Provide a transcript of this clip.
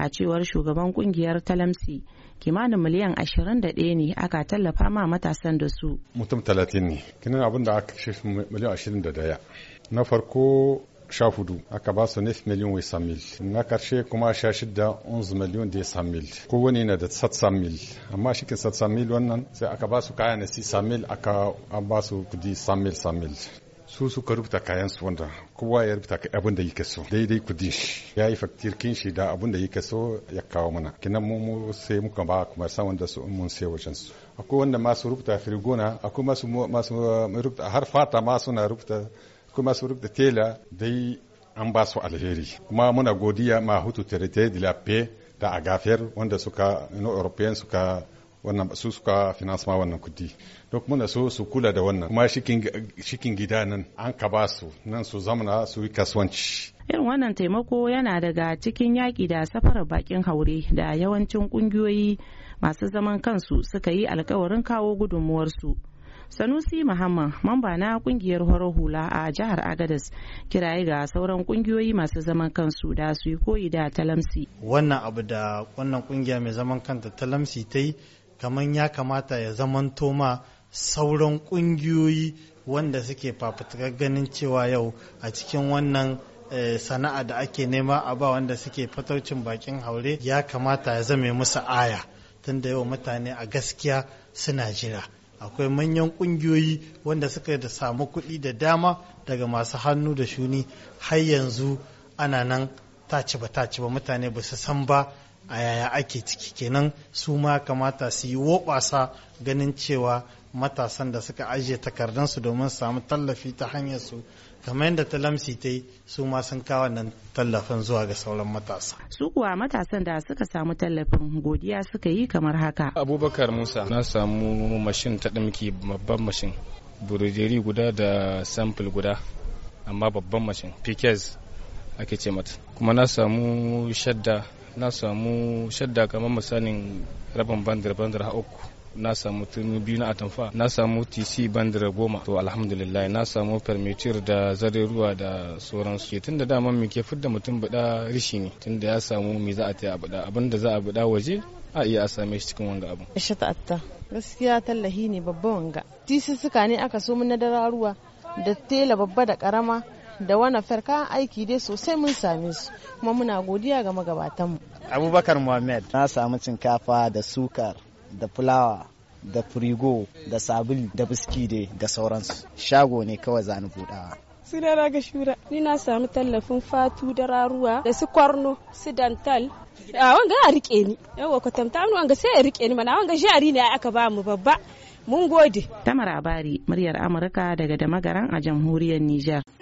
a cewar shugaban kungiyar talamsi kimanin miliyan 21 ne aka tallafa ma matasan da su mutum 30 ne kinan abin da aka kashe miliyan 21 na farko sha hudu aka ba su nef miliyan wai samil na karshe kuma sha shida onze miliyan da samil wani na da sat samil amma shikin sat samil wannan sai aka ba su kaya na si samil aka ba su kudi samil samil su ka rubuta kayan su wanda kowa ya rubuta abin da yake so daidai kudin shi ya yi faktir kin shi da abin da yake so ya kawo mana kinan mu mu sai muka ba kuma san wanda su mun sai wajen su akwai wanda masu rubuta firgona akwai masu masu rubuta har fata ma suna rubuta akwai masu rubuta tela dai an ba su alheri kuma muna godiya ma hutu tere de la paix da agafer wanda suka no european suka wannan su suka finance ma wannan kudi duk muna so su kula da wannan kuma shikin gida nan an ka ba su nan su zamana su yi kasuwanci irin wannan taimako yana daga cikin yaƙi da safarar bakin haure da yawancin ƙungiyoyi masu zaman kansu suka yi alkawarin kawo gudunmuwarsu sanusi muhammad mamba na kungiyar horar hula a jihar agadas kiraye ga sauran kungiyoyi masu zaman kansu da su yi koyi da talamsi wannan abu da wannan kungiya mai zaman kanta talamsi ta yi kamar ya kamata ya zamanto toma sauran ƙungiyoyi wanda suke fafutukar ganin cewa yau a cikin wannan eh, sana'a da ake nema a ba wanda suke fataucin bakin haure ya kamata ya zame musu aya tun da yau mutane a gaskiya suna jira akwai manyan kungiyoyi wanda suka da samu kuɗi da dama daga masu hannu da shuni har yanzu ana nan ta taci ba ta taci ba mutane ba su san ba a yaya ake ciki kenan su ma kamata su yi wobasa ganin cewa matasan da suka ajiye takardansu domin samu tallafi ta hanyar su kamar yadda ta lamsi ta yi su ma sun kawo nan tallafin zuwa ga sauran matasa. Su kuwa matasan da suka samu tallafin godiya suka yi kamar haka. Abubakar Musa na samu mashin ta ɗimki babban mashin burjeri guda da sampul guda amma babban mashin PKS ake ce mata kuma na samu shadda na samu shadda kamar misalin rabin bandar bandar ha uku na samu turmi biyu na atamfa na samu tc bandar goma to alhamdulillah na samu permitir da zare ruwa da sauransu ke tunda daman mai ke fidda mutum bada rishi ne tunda ya samu mai za a taya da abin da za a bada waje a iya same shi cikin wanga abu ta'atta gaskiya tallahi ne babba wanga tc suka ne aka so mun na dararuwa da tela babba da karama da wani farka aiki dai sosai mun same su kuma muna godiya ga magabatanmu abubakar muhammad na samu cinkafa da sukar da fulawa da firigo da sabulu da biski dai da sauransu shago ne kawai zani budawa suna na ga shura ni na samu tallafin fatu da raruwa da su kwarno su dantal a wanga a rike ni yawa tamta mu wanga sai ya rike ni mana wanga jari ne aka ba mu babba mun gode tamar bari muryar amurka daga damagaran a jamhuriyar niger